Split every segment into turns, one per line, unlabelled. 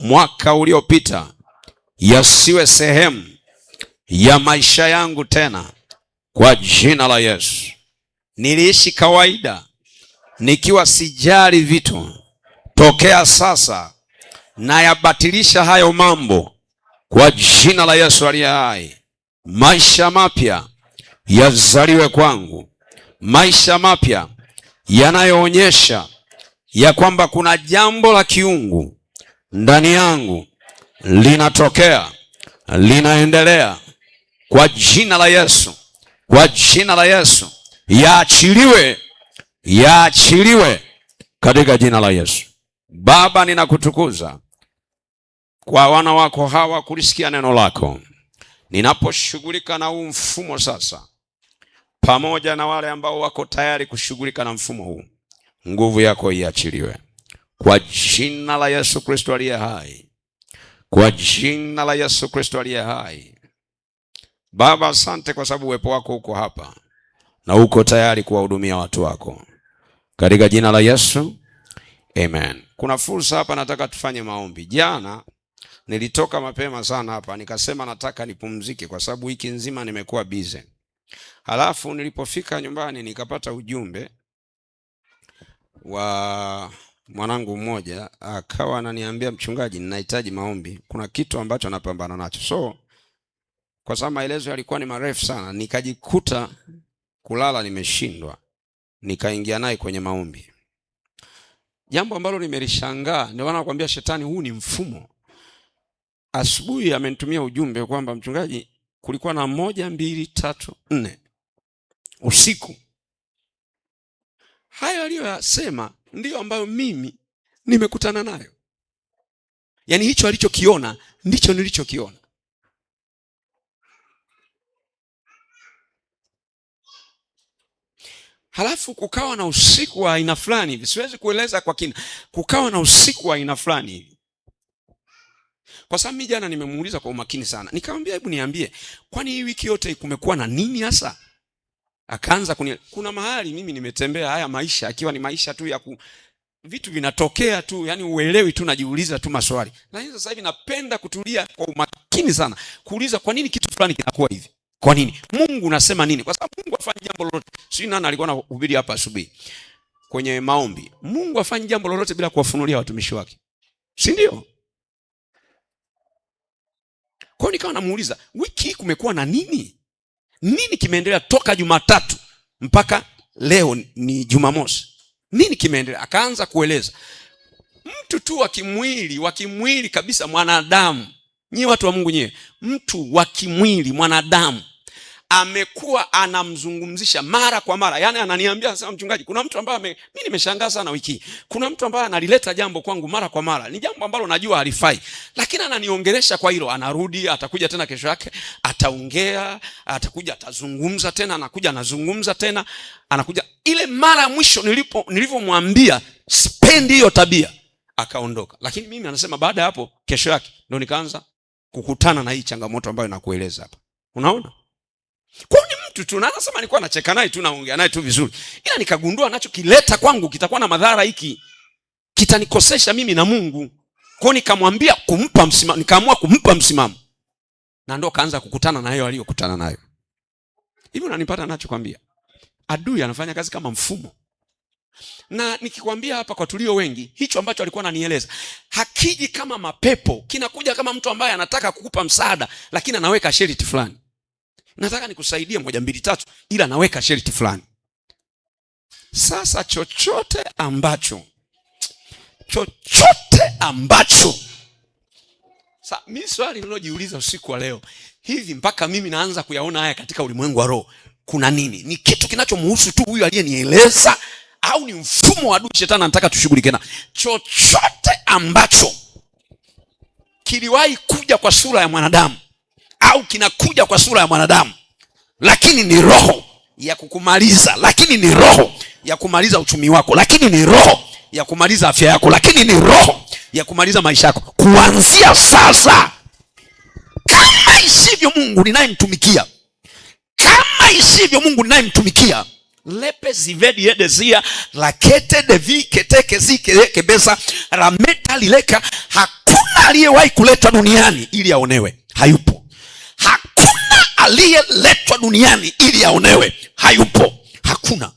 mwaka uliopita yasiwe sehemu ya maisha yangu tena, kwa jina la Yesu. Niliishi kawaida nikiwa sijali vitu, tokea sasa nayabatilisha hayo mambo kwa jina la Yesu aliye hai. Maisha mapya yazaliwe kwangu, maisha mapya yanayoonyesha ya kwamba kuna jambo la kiungu ndani yangu linatokea, linaendelea kwa jina la Yesu, kwa jina la Yesu, yaachiliwe, yaachiliwe katika jina la Yesu. Baba, ninakutukuza kwa wana wako hawa kulisikia neno lako, ninaposhughulika na huu mfumo sasa, pamoja na wale ambao wako tayari kushughulika na mfumo huu, nguvu yako iachiliwe kwa jina la Yesu Kristo aliye hai, kwa jina la Yesu Kristo aliye hai. Baba, asante kwa sababu uwepo wako uko hapa na uko tayari kuwahudumia watu wako katika jina la Yesu, amen. Kuna fursa hapa, nataka tufanye maombi. Jana nilitoka mapema sana hapa, nikasema nataka nipumzike kwa sababu wiki nzima nimekuwa bize. Halafu nilipofika nyumbani nikapata ujumbe wa mwanangu mmoja akawa ananiambia mchungaji, ninahitaji maombi, kuna kitu ambacho anapambana nacho. So kwa sababu maelezo yalikuwa ni marefu sana, nikajikuta kulala nimeshindwa, nikaingia naye kwenye maombi, jambo ambalo nimelishangaa. Ndio maana nakwambia shetani huu ni mfumo. Asubuhi amenitumia ujumbe kwamba mchungaji, kulikuwa na moja, mbili, tatu, nne usiku hayo aliyoyasema ndiyo ambayo mimi nimekutana nayo, yaani hicho alichokiona ndicho nilichokiona. Halafu kukawa na usiku wa aina fulani hivi, siwezi kueleza kwa kina. Kukawa na usiku wa aina fulani hivi, kwa sababu mi jana nimemuuliza kwa umakini sana, nikamwambia hebu niambie, kwani hii wiki yote kumekuwa na nini hasa? akaanza kuni kuna mahali mimi nimetembea haya maisha akiwa ni maisha tu ya ku vitu vinatokea tu, yani uelewi tu, najiuliza tu maswali. Lakini sasa hivi napenda kutulia kwa umakini sana kuuliza kwa nini kitu fulani kinakuwa hivi, kwa nini Mungu unasema nini? Kwa sababu Mungu afanye jambo lolote. Si nani alikuwa na anahubiri hapa asubuhi kwenye maombi, Mungu afanye jambo lolote bila kuwafunulia watumishi wake, si ndio? Kwa hiyo nikawa namuuliza wiki hii kumekuwa na nini nini kimeendelea toka Jumatatu mpaka leo ni Jumamosi? Nini kimeendelea? Akaanza kueleza mtu tu wa kimwili wa kimwili kabisa, mwanadamu. Nyie watu wa Mungu, nyewe mtu wa kimwili mwanadamu amekuwa anamzungumzisha mara kwa mara, yani ananiambia sasa, mchungaji, kuna mtu ambaye mimi nimeshangaa sana wiki kuna mtu ambaye analileta jambo kwangu mara kwa mara, ni jambo ambalo najua halifai, lakini ananiongelesha kwa hilo. Anarudi, atakuja tena kesho yake, ataongea, atakuja, atazungumza tena, anakuja, anazungumza tena, anakuja. Ile mara ya mwisho nilipo nilivyomwambia sipendi hiyo tabia, akaondoka. Lakini mimi anasema baada ya hapo, kesho yake ndo nikaanza kukutana na hii changamoto ambayo nakueleza hapa. Unaona? Kwa ni mtu tu naweza sema nilikuwa nacheka naye tu naongea naye tu vizuri, ila nikagundua anachokileta kwangu kitakuwa na madhara, hiki kitanikosesha mimi na Mungu. nikamwambia kumpa msimamo, nikaamua kumpa msimamo, na ndo kaanza kukutana na hiyo aliyokutana nayo. Hivi unanipata nachokwambia? Adui anafanya kazi kama mfumo, na nikikwambia hapa kwa tulio wengi, hicho ambacho alikuwa ananieleza hakiji kama mapepo, kinakuja kama mtu ambaye anataka kukupa msaada, lakini anaweka sheriti fulani nataka nikusaidie moja mbili tatu, ila naweka sherti fulani. Sasa chochote ambacho chochote ambacho sa, mi swali nilojiuliza usiku wa leo hivi, mpaka mimi naanza kuyaona haya katika ulimwengu wa roho, kuna nini? Ni kitu kinachomhusu tu huyu aliyenieleza, au ni mfumo wa adui shetani anataka tushughulike na? Chochote ambacho kiliwahi kuja kwa sura ya mwanadamu au kinakuja kwa sura ya mwanadamu, lakini ni roho ya kukumaliza, lakini ni roho ya kumaliza uchumi wako, lakini ni roho ya kumaliza afya yako, lakini ni roho ya kumaliza maisha yako kuanzia sasa. Kama isivyo Mungu ninayemtumikia, kama isivyo Mungu ninayemtumikia lepe zivedi yedezia lakete devi keteke zikekebesa rameta lileka. Hakuna aliyewahi kuleta duniani ili aonewe, hayupo aliyeletwa duniani ili aonewe hayupo hakuna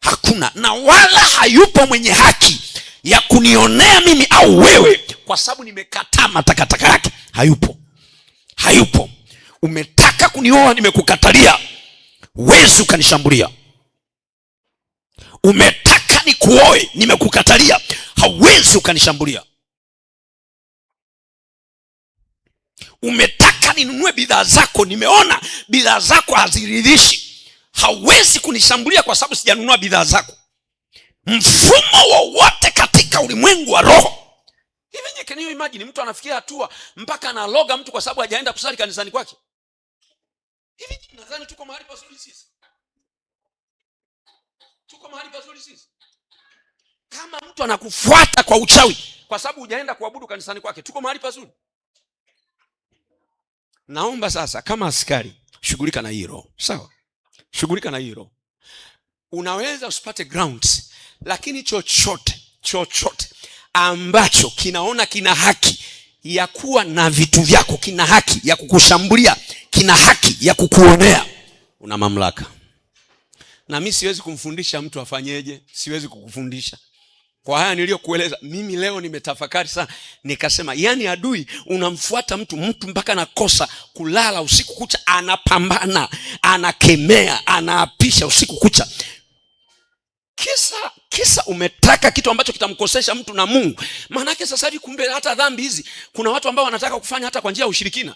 hakuna na wala hayupo mwenye haki ya kunionea mimi au wewe kwa sababu nimekataa matakataka yake hayupo hayupo umetaka kunioa nimekukatalia wezi ukanishambulia umetaka nikuoe nimekukatalia hawezi ukanishambulia umetaka nataka ninunue bidhaa zako, nimeona bidhaa zako haziridhishi, hawezi kunishambulia kwa sababu sijanunua bidhaa zako. Mfumo wowote katika ulimwengu wa roho hivi nje. mtu anafikia hatua mpaka analoga mtu kwa sababu hajaenda kusali kanisani kwake? Hivi nadhani tuko mahali pazuri sisi, tuko mahali pazuri sisi. Kama mtu anakufuata kwa uchawi kwa sababu hujaenda kuabudu kanisani kwake, tuko mahali pazuri? naomba sasa, kama askari, shughulika na roho sawa, shughulika na roho Unaweza usipate grounds, lakini chochote chochote ambacho kinaona kina haki ya kuwa na vitu vyako, kina haki ya kukushambulia, kina haki ya kukuonea, una mamlaka. Na mi siwezi kumfundisha mtu afanyeje, siwezi kukufundisha kwa haya niliyokueleza mimi leo nimetafakari sana, nikasema yani, adui unamfuata mtu mtu mpaka nakosa kulala usiku kucha, anapambana, anakemea, anaapisha usiku kucha, kisa kisa umetaka kitu ambacho kitamkosesha mtu na Mungu. Maanake sasa hivi kumbe hata dhambi hizi kuna watu ambao wanataka kufanya hata kwa njia ya ushirikina.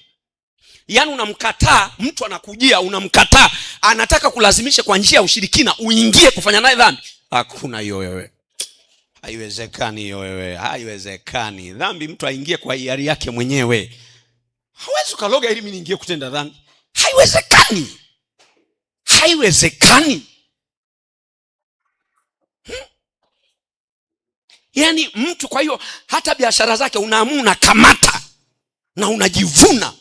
Yaani unamkataa mtu, anakujia unamkataa, anataka kulazimisha kwa njia ya ushirikina uingie kufanya naye dhambi. Hakuna hiyo wewe Haiwezekani hiyo wewe, haiwezekani. Dhambi mtu aingie kwa hiari yake mwenyewe, hawezi ukaloga ili mi niingie kutenda dhambi. Haiwezekani, haiwezekani. Hmm. Yaani mtu, kwa hiyo hata biashara zake unaamua unakamata na unajivuna,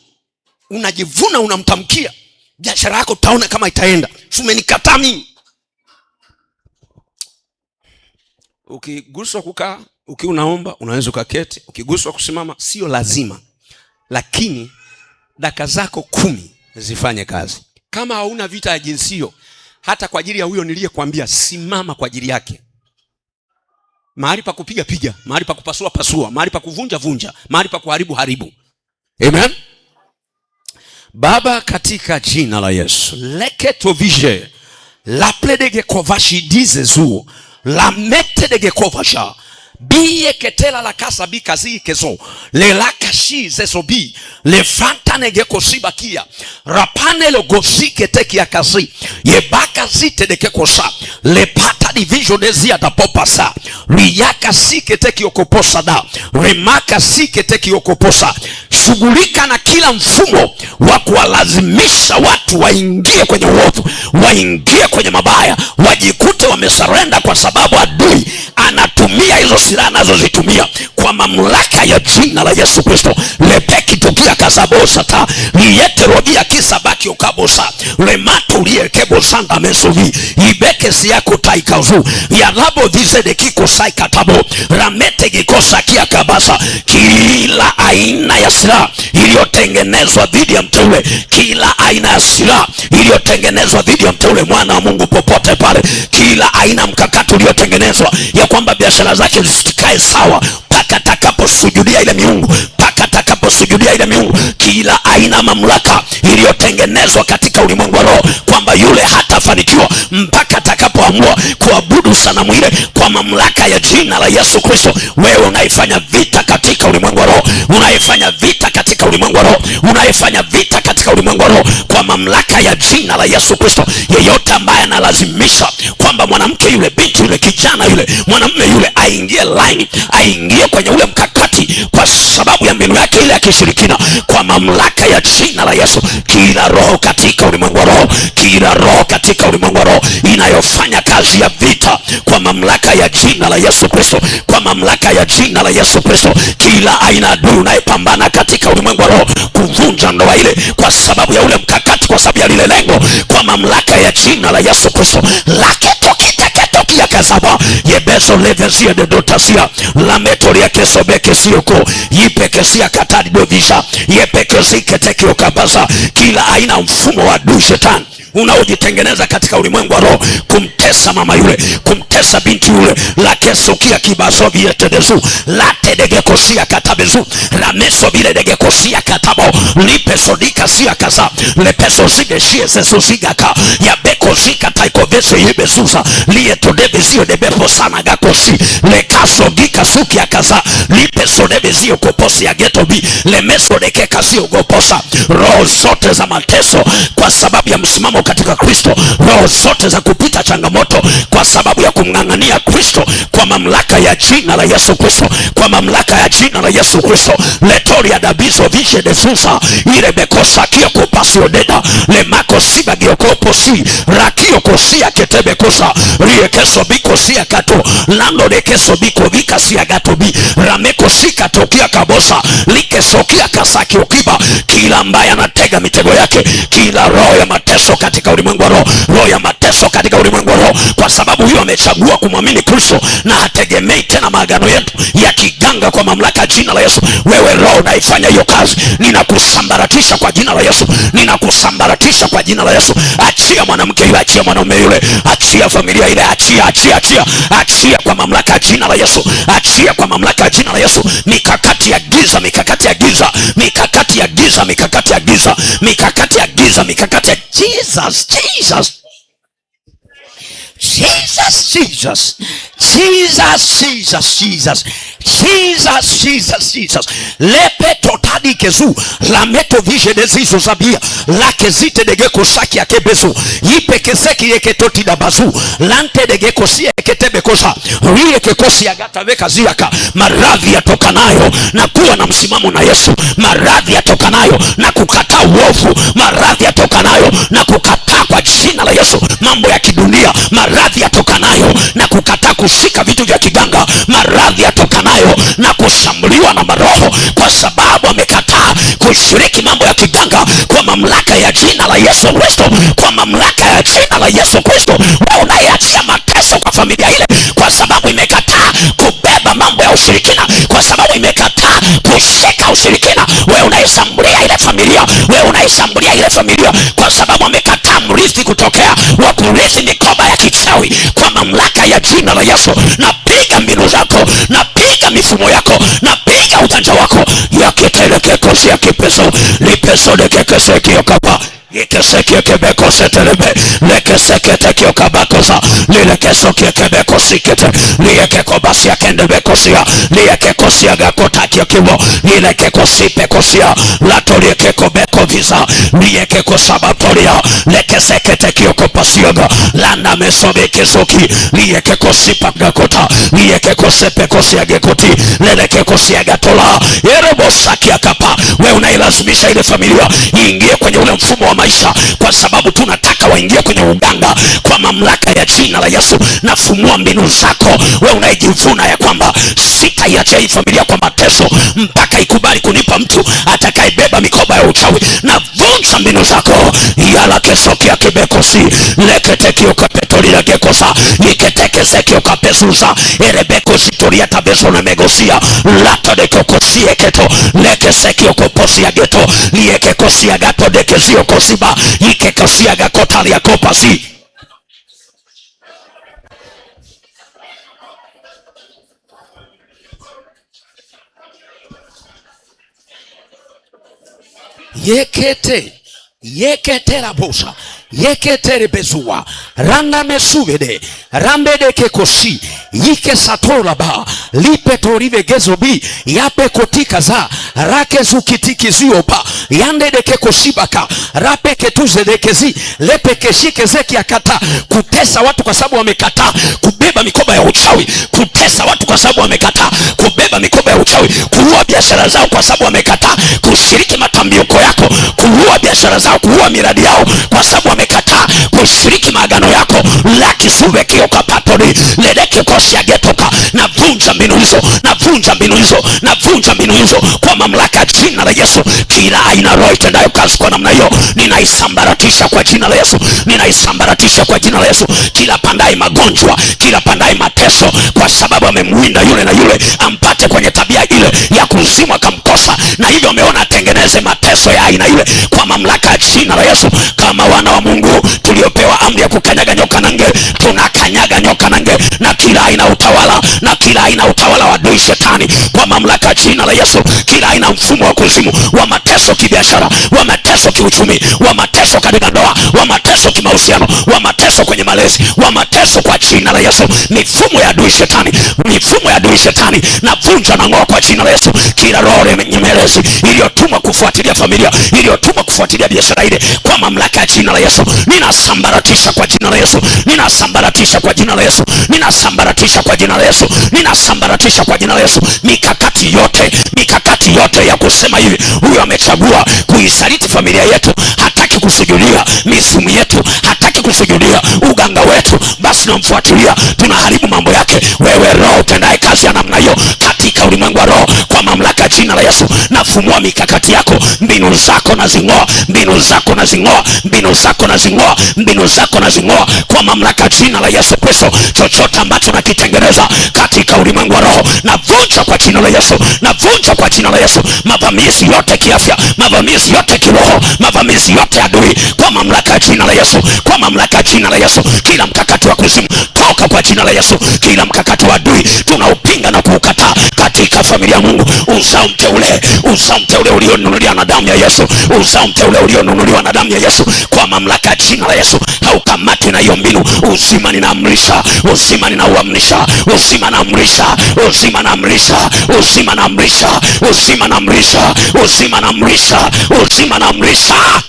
unajivuna, unamtamkia biashara yako, utaona kama itaenda. Sumenikataa mimi ukiguswa kukaa ukiwa unaomba unaweza ukaketi ukiguswa kusimama sio lazima lakini daka zako kumi zifanye kazi kama hauna vita ya jinsio hata kwa ajili ya huyo niliyekwambia simama kwa ajili yake mahali pa kupiga piga mahali pa kupasua pasua mahali pa kuvunja vunja mahali pa kuharibu haribu amen baba katika jina la yesu leketovije lapledege kovashi zuo lametedegekovasha biye ketela kasa bi kazi kezo le gosi lefantanegekosibakia rapanelogosikitekia kazi yebakazitedekekosa lepata sa riyaka sikete kiokoposa da remaka sikete kiokoposa shughulika na kila mfumo wa kuwalazimisha watu waingie kwenye uovu, waingie kwenye mabaya, wajikute wamesarenda, kwa sababu adui anatumia hizo silaha anazozitumia kwa mamlaka ya jina la Yesu Kristo lepekitukia kasabosata lieterojia kisaba yakyo kabosa lemato liekebosanga mesuvi ibekesi yako taikazu yarabo dhisedekikosaikatabo rametegikosakia kabasa kila aina ya silaha iliyotengenezwa dhidi ya mteule, kila aina ya silaha iliyotengenezwa dhidi ya mteule mwana wa Mungu popote pale, kila aina mkakati uliotengenezwa ya kwamba biashara zake zisikae sawa atakaposujudia ile miungu mpaka atakaposujudia ile miungu, kila aina mamlaka iliyotengenezwa katika ulimwengu wa roho kwamba yule hatafanikiwa mpaka atakapoamua kuabudu sanamu ile kwa mamlaka ya jina la Yesu Kristo. Wewe unaifanya vita katika ulimwengu wa roho, unaifanya vita katika ulimwengu wa roho, unaifanya vita katika ulimwengu wa roho kwa mamlaka ya jina la Yesu Kristo. Yeyote ambaye analazimisha kwamba mwanamke yule, binti yule, kijana yule, mwanamme yule aingie line, aingie kwenye ule mkakati, kwa sababu ya mbinu yake ile ya kishirikina. Kwa mamlaka ya jina la Yesu, kila roho katika ulimwengu wa roho, kila roho katika ulimwengu wa roho inayofanya kazi ya vita, kwa mamlaka ya jina la Yesu Kristo, kwa mamlaka ya jina la Yesu Kristo, kila aina duu unayepambana katika ulimwengu wa roho kuvunja ndoa ile, kwa sababu ya ule mkakati, kwa sababu ya lile lengo, kwa mamlaka ya jina la Yesu Kristo lake kia kasaba de dotasia la kazaba yebezo levesia dedotasia lametoriakesobekesioco yipekesia katadidovisha yepekeziketekiokabaza kila aina mfumo wa du shetan unaojitengeneza katika ulimwengu wa roho kumtesa mama yule, kumtesa binti yule la lakesukia kibasovietedezu latedegekosia katabezu la ramesoviledegekosia katabo kasa lipesodikasia kaza lepesozideshiezezuzigaka yabekozikataikoveseyebezuza lieto sonebezio nebeposana gakosi lekasogikasuki akaza lipesonebezio koposi agetobi lemesonekekaziogoposa roho zote za mateso kwa sababu ya msimamo katika Kristo, roho zote za kupita changamoto kwa sababu ya kumng'ang'ania Kristo, kwa mamlaka ya jina la Yesu Kristo, kwa mamlaka ya jina la Yesu Kristo letoria dabizo vishe desusa irebekosakiokopasiodeda lemakosibagiokoposi rakiokosia ketebekosa rie keso biko sia kato lando de keso biko vika sia gato bi rameko sika tokia kabosa like sokia kasaki ukiba kila mbaya anatega mitego yake kila roho ya mateso katika ulimwengu wa roho roho ya mateso katika ulimwengu wa roho kwa sababu hiyo amechagua kumwamini Kristo na hategemei tena maagano yetu ya kiganga kwa mamlaka jina la Yesu wewe roho unaifanya hiyo kazi ninakusambaratisha kwa jina la Yesu ninakusambaratisha kwa jina la Yesu achia mwanamke yule achia mwanaume yule achia familia ile achia achia, achia, achia, achia kwa mamlaka ya jina la Yesu, achia kwa mamlaka ya jina la Yesu. Mikakati ya giza, mikakati ya giza, mikakati ya giza, mikakati ya giza, mikakati ya giza, mikakati ya Jesus, Jesus Jesus, Jesus, Jesus, Jesus, Jesus. Jesus, Jesus, Jesus. lepe totadi kezu lameto vije dezizo zabia lakezite degekosakia kebezo yipekeseki yeketotida bazu lante degekosia eketebekosa riyekekosi agatawekaziaka maradhi yatokanayo na kuwa na msimamo na Yesu, maradhi yatokanayo na kukataa uovu, maradhi yatokanayo na kukataa jina la Yesu. Mambo ya kidunia, maradhi yatokanayo na kukataa kushika vitu vya kiganga, maradhi yatokanayo na kushambuliwa na maroho, kwa sababu amekataa kushiriki mambo ya kiganga, kwa mamlaka ya jina la Yesu Kristo, kwa mamlaka ya jina la Yesu Kristo, wewe unayeachia mateso kwa familia ile, kwa sababu imekataa kubeba mambo ya ushirikina kwa sababu imekataa kushika ushirikina. Wewe unaishambulia ile familia, wewe unaishambulia ile familia kwa sababu amekataa mrithi kutokea wa kurithi mikoba ya kichawi. Kwa mamlaka ya jina la Yesu, napiga mbinu zako, napiga mifumo yako, napiga utanja wako yakitelekekosiakipeso lipeso dekekeseki okapa ikesekiekebekosetelebe lekeseketekiokabakosa lilekesokiekebekosikete liekekobasiakendebekosia liekekosiagakotakiokivo lilekekosipekosia latoliekekobekovisa liekekosabatolia lekeseketekiokopasioga lanamesovekesoki liekekosipagakota liekekosepekosiagekoti lelekekosiagatola yerebosakiaka kuilazimisha ile familia iingie kwenye ule mfumo wa maisha, kwa sababu tunataka waingie kwenye uganga. Kwa mamlaka ya jina la Yesu, nafumua mbinu zako, we unayejivuna ya kwamba sitaiachia hii familia kwa mateso mpaka ikubali kunipa mtu atakayebeba mikoba ya uchawi, navunja mbinu zako yalakesokia kibekosi leketekiokapetolilagekosa iketekesekiokapesusa erebekositoria tabesonamegosia latodekokosieketo lekesekiokoposia geto liekekosiagatodekesiokosiba ikekosiagakotaliakopasi yekete yeketerabosa yeketerebezuwa ranamesuvede rambedekekoshi yikesatoraba lipetorivegezobi yapekotikaza rakezukitikizioba yandedekekoshibaka rapeketuzedekizi lepekeshikezekiakata kutesa watu kwa sababu wamekataa kubeba mikoba ya uchawi kutesa watu kwa sababu wamekataa kubeba mikoba ya uchawi kuua biashara zao kwa sababu wamekataa kushiriki matambiuko yako kuua biashara zao kuua miradi yao kwa sababu wamekataa kushiriki maagano yako lakisuvekiokapatoni ledekekosiagetoka na vunja mbinu hizo na vunja mbinu hizo na vunja mbinu hizo kwa mamlaka ya jina la yesu kila aina roho itendayo kazi kwa namna hiyo ninaisambaratisha kwa jina la yesu ninaisambaratisha kwa jina la yesu kila pandai magonjwa kila pandai mateso kwa sababu amemwinda yule na yule ampate kwenye tabia ile ya kuzimwa kamkosa na hivyo ameona atengeneze mateso ya aina ile kwa mamlaka ya jina la yesu kama wana wa Mungu tuliopewa amri ya kukanyaga nyoka na nge, tunakanyaga nyoka na nge na kila aina utawala na kila aina utawala wa adui Shetani kwa mamlaka ya jina la Yesu, kila aina mfumo wa kuzimu wa mateso kibiashara, wa mateso kiuchumi, wa mateso katika ndoa, wa mateso kimahusiano, wa mateso kwenye malezi, wa mateso kwa jina la Yesu, mifumo ya adui Shetani, mifumo ya adui Shetani na navunja na ng'oa kwa jina la Yesu, kila roho ya nyemelezi iliyotumwa kufuatilia familia, iliyotumwa kufuatilia biashara ile kwa mamlaka ya jina la Yesu Yesu, ninasambaratisha kwa jina la Yesu, ninasambaratisha kwa jina la Yesu, ninasambaratisha kwa jina la Yesu, ninasambaratisha kwa jina la Yesu. Mikakati yote, mikakati yote ya kusema hivi, huyu amechagua kuisaliti familia yetu, hataki kusujudia misimu yetu, hataki kusujudia uganga wetu, basi namfuatilia tunaharibu mambo yake. Wewe Roho utendaye kazi ya namna hiyo katika ulimwengu wa roho kwa mamlaka ya jina la Yesu nafumua mikakati yako, mbinu zako nazing'oa, mbinu zako nazing'oa, mbinu zako nazing'oa, mbinu zako nazing'oa kwa mamlaka ya jina la Yesu Kristo. Chochote ambacho nakitengeneza katika ulimwengu wa roho navunja kwa jina la Yesu, navunja kwa jina la Yesu. Mavamizi yote kiafya, mavamizi yote kiroho, mavamizi yote adui, kwa mamlaka ya jina la Yesu, kwa mamlaka ya jina la Yesu, kila mkakati wa kuzimu toka kwa jina la Yesu, kila mkakati wa adui tunaupinga na kuukataa. Katika familia ya Mungu, uzao mteule, uzao mteule ulionunuliwa na damu ya Yesu, uzao mteule ulionunuliwa na damu ya Yesu, kwa mamlaka ya jina la Yesu haukamatwi na hiyo mbinu. Uzima ninaamrisha, uzima ninauamrisha, uzima naamrisha, uzima naamrisha, uzima naamrisha, uzima naamrisha, uzima naamrisha, uzima naamrisha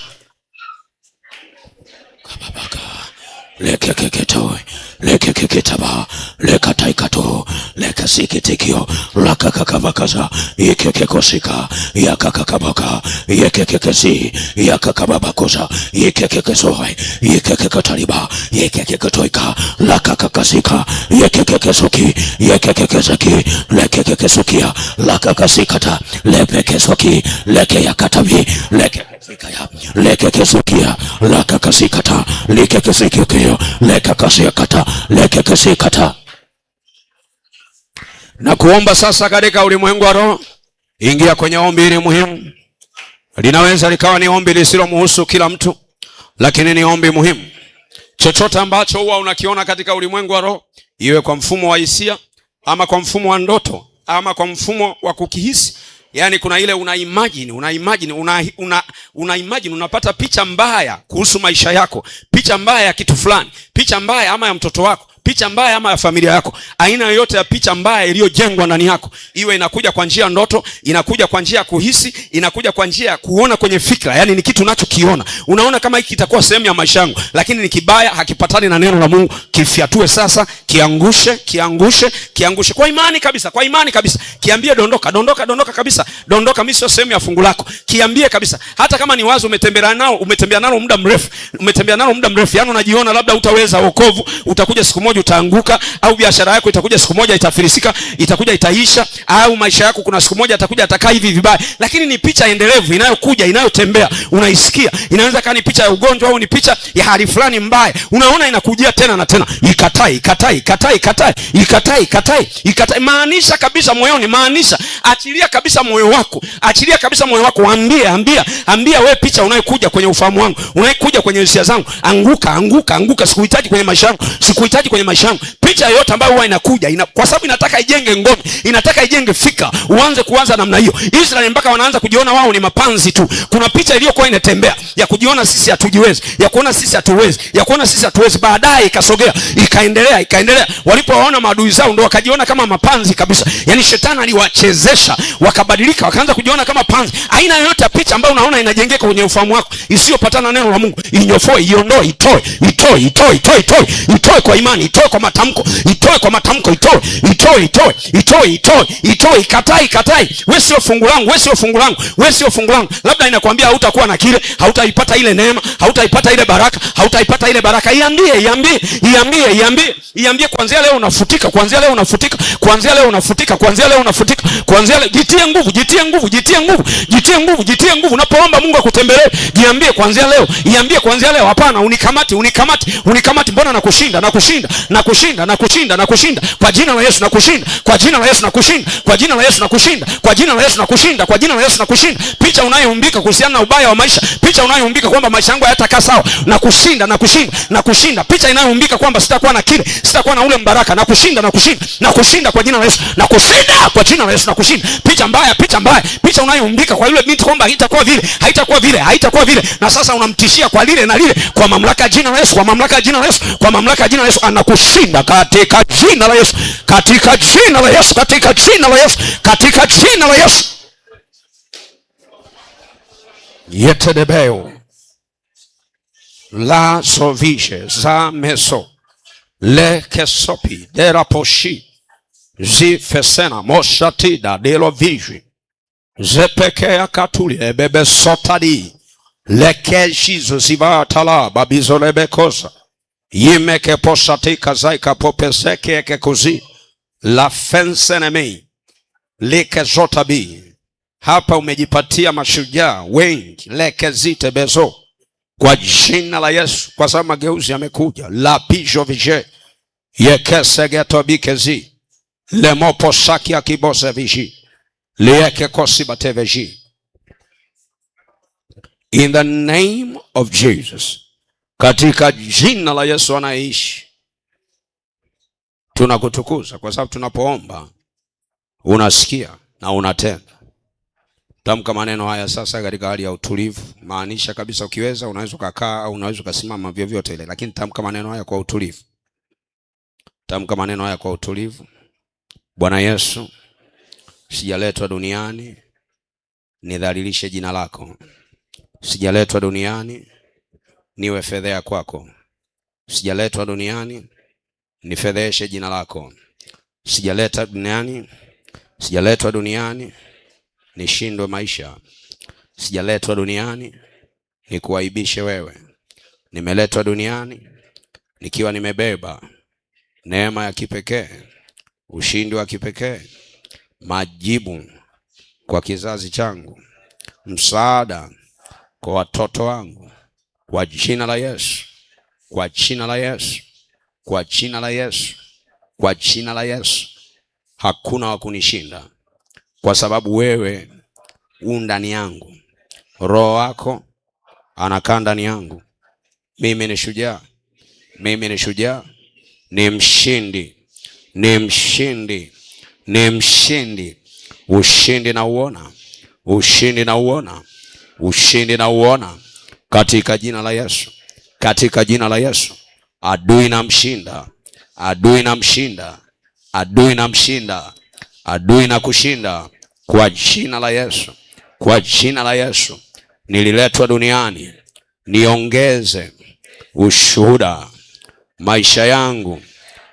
lekekeketoi lekikikitaba lekataikato lekasikitikio lakakakavakaza ikekekosika yakakakabaka yekekekesi yakakababakosa yekekekesohai yekekekatariba yekekeketoika lakakakasika yekekekesoki yekekekeseki lekekekesokia lakakasikata lepekesoki lekeyakatavi leke lekekesokia lakakasikata lekekesikikio lekakasiakata lekekesikata. Na kuomba sasa, katika ulimwengu wa roho, ingia kwenye ombi hili muhimu. Linaweza likawa ni ombi lisilomuhusu kila mtu, lakini ni ombi muhimu. Chochote ambacho huwa unakiona katika ulimwengu wa roho, iwe kwa mfumo wa hisia ama kwa mfumo wa ndoto ama kwa mfumo wa kukihisi yani kuna ile una imagine, una imagine, una, una, una imagine, unapata picha mbaya kuhusu maisha yako, picha mbaya ya kitu fulani, picha mbaya ama ya mtoto wako picha mbaya ama ya familia yako, aina yoyote ya picha mbaya iliyojengwa ndani yako, iwe inakuja kwa njia ndoto, inakuja kwa njia ya kuhisi, inakuja kwa njia ya kuona kwenye fikra, yani ni kitu unachokiona, unaona kama hiki kitakuwa sehemu ya maisha yangu, lakini ni kibaya, hakipatani na neno la Mungu. Kifyatue sasa, kiangushe, kiangushe, kiangushe kwa imani kabisa, kwa imani kabisa. Kiambie dondoka, dondoka, dondoka kabisa, dondoka, mimi sio sehemu ya fungu lako. Kiambie kabisa, hata kama ni wazo umetembea nao, umetembea nalo muda mrefu, umetembea nalo muda mrefu, yani unajiona labda utaweza wokovu, utakuja siku moja moja utaanguka, au biashara yako itakuja siku moja itafirisika itakuja itaisha, au maisha yako kuna siku moja atakuja atakaa hivi vibaya. Lakini ni picha endelevu inayokuja, inayotembea, unaisikia. Inaweza kaa ni picha ya ugonjwa au ni picha ya hali fulani mbaya, unaona inakujia tena na tena. Ikatai, ikatai, ikatai, ikatai, ikatai, ikatai, ikatai. Maanisha kabisa moyoni, maanisha, achilia kabisa moyo wako, achilia kabisa moyo wako, ambia, ambia, ambia wewe, picha unayokuja kwenye ufahamu wangu, unayokuja kwenye hisia zangu, anguka, anguka, anguka, sikuhitaji kwenye maisha yangu, sikuhitaji kwenye maisha yangu. Picha yoyote ambayo huwa inakuja ina, kwa sababu inataka ijenge ngome, inataka ijenge fika, uanze kuanza namna hiyo. Israeli mpaka wanaanza kujiona wao ni mapanzi tu. Kuna picha iliyokuwa inatembea ya kujiona sisi hatujiwezi, ya kuona sisi hatuwezi, ya kuona sisi hatuwezi. Baadaye ikasogea ikaendelea, ikaendelea. Walipowaona maadui zao ndo wakajiona kama mapanzi kabisa, yaani shetani aliwachezesha wakabadilika, wakaanza kujiona kama panzi. Aina yoyote ya picha ambayo unaona inajengeka kwenye ufahamu wako isiyopatana neno la Mungu, inyofoe, iondoe, itoe, itoe, itoe, itoe, itoe, itoe kwa imani itoe kwa matamko, itoe kwa matamko, itoe, itoe, itoe, itoe, itoe, itoe, ikatai, ikatai. Wewe sio fungu langu, wewe sio fungu langu, wewe sio fungu langu. Labda inakwambia hautakuwa na kile, hautaipata ile neema, hautaipata ile baraka, hautaipata ile baraka. Iambie, iambie, iambie, iambie, iambie, kuanzia leo unafutika, kuanzia leo unafutika, kuanzia leo unafutika, kuanzia leo unafutika, kuanzia leo. Jitie nguvu, jitie nguvu, jitie nguvu, jitie nguvu, jitie nguvu. Unapoomba Mungu akutembelee, jiambie kuanzia leo, iambie kuanzia leo, hapana, unikamati, unikamati, unikamati. Mbona nakushinda, nakushinda na kushinda na kushinda na kushinda kwa jina la Yesu na kushinda kwa jina la Yesu na kushinda kwa jina la Yesu na kushinda kwa jina la Yesu na kushinda kwa jina la Yesu na kushinda picha unayoumbika kuhusiana na ubaya wa maisha picha unayoumbika kwamba maisha yangu hayatakaa sawa na kushinda na kushinda na kushinda picha inayoumbika kwamba sitakuwa na kile sitakuwa na ule mbaraka na kushinda na kushinda na kushinda kwa jina la Yesu na kushinda kwa jina la Yesu na kushinda picha mbaya picha mbaya picha unayoumbika kwa yule binti kwamba haitakuwa vile haitakuwa vile haitakuwa vile na sasa unamtishia kwa lile na lile kwa mamlaka ya jina la Yesu kwa mamlaka ya jina la Yesu kwa mamlaka ya jina la Yesu ana kushinda katika jina la Yesu, katika jina la Yesu, katika jina la Yesu, katika jina la Yesu yetedebeo lazovije za meso le kesopi lekesopi deraposhi zifesena moshatida delovizhi zepekea katuli ebebe sotadi ebebesotadi lekeshizo zivatala lebekosa kuzi la fensenemi like zotabi. Hapa umejipatia mashujaa wengi zite bezo kwa jina la Yesu, kwa sababu mageuzi yamekuja. la pijo vije yekesegetobikezi lemoposaki akibose viji liekekosibateveji in the name of Jesus katika jina la Yesu anayeishi, tunakutukuza kwa sababu tunapoomba unasikia na unatenda. Tamka maneno haya sasa katika hali ya utulivu, maanisha kabisa. Ukiweza unaweza ukakaa au unaweza ukasimama, vyovyote ile, lakini tamka maneno haya kwa utulivu. Tamka maneno haya kwa utulivu. Bwana Yesu, sijaletwa duniani nidhalilishe jina lako, sijaletwa duniani niwe fedhea kwako. Sijaletwa duniani nifedheshe jina lako. Sijaleta duniani, sijaletwa duniani nishindwe maisha. Sijaletwa duniani nikuaibishe wewe. Nimeletwa duniani nikiwa nimebeba neema ya kipekee, ushindi wa kipekee, majibu kwa kizazi changu, msaada kwa watoto wangu kwa jina la Yesu, kwa jina la Yesu, kwa jina la Yesu, kwa jina la Yesu, hakuna wa kunishinda, kwa sababu wewe u ndani yangu, roho wako anakaa ndani yangu. Mimi ni shujaa, mimi ni shujaa, ni mshindi, ni mshindi, ni mshindi. Ushindi na uona, ushindi na uona, ushindi na uona katika jina la Yesu, katika jina la Yesu. Adui na mshinda, adui na mshinda, adui na mshinda, adui na kushinda kwa jina la Yesu, kwa jina la Yesu. Nililetwa duniani niongeze ushuhuda. Maisha yangu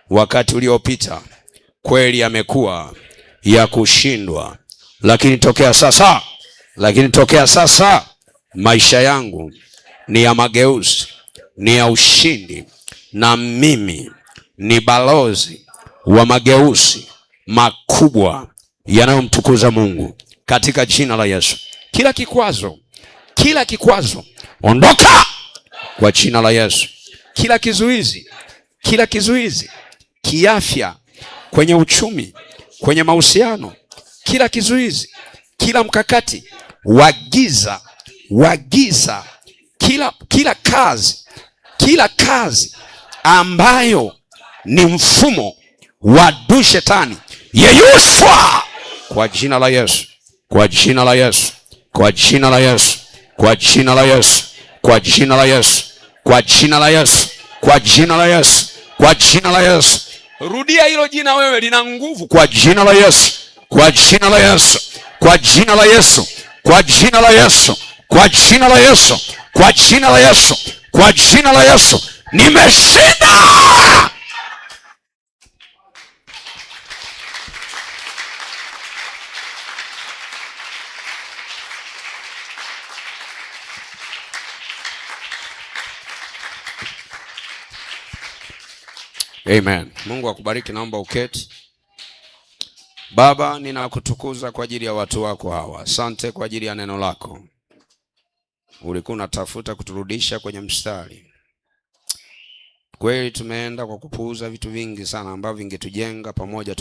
wakati uliopita kweli yamekuwa ya kushindwa, lakini tokea sasa, lakini tokea sasa maisha yangu ni ya mageuzi, ni ya ushindi, na mimi ni balozi wa mageuzi makubwa yanayomtukuza Mungu katika jina la Yesu. Kila kikwazo, kila kikwazo ondoka kwa jina la Yesu. Kila kizuizi, kila kizuizi kiafya, kwenye uchumi, kwenye mahusiano, kila kizuizi, kila mkakati wa giza wagiza kila kila kazi, kila kazi ambayo ni mfumo wa du shetani yeyushwa kwa jina la Yesu, kwa jina la Yesu, kwa jina la Yesu, kwa jina la Yesu, kwa jina la Yesu, kwa jina la Yesu, kwa jina la Yesu, kwa jina la Yesu. Rudia hilo jina, wewe lina nguvu. Kwa jina la Yesu, kwa jina la Yesu, kwa jina la Yesu, kwa jina la Yesu kwa jina la Yesu, kwa jina la Yesu, kwa jina la Yesu, nimeshinda. Amen. Mungu akubariki, naomba uketi. Baba, ninakutukuza kwa ajili ya watu wako hawa. Asante kwa ajili ya neno lako ulikuwa unatafuta kuturudisha kwenye mstari. Kweli tumeenda kwa kupuuza vitu vingi sana ambavyo vingetujenga pamoja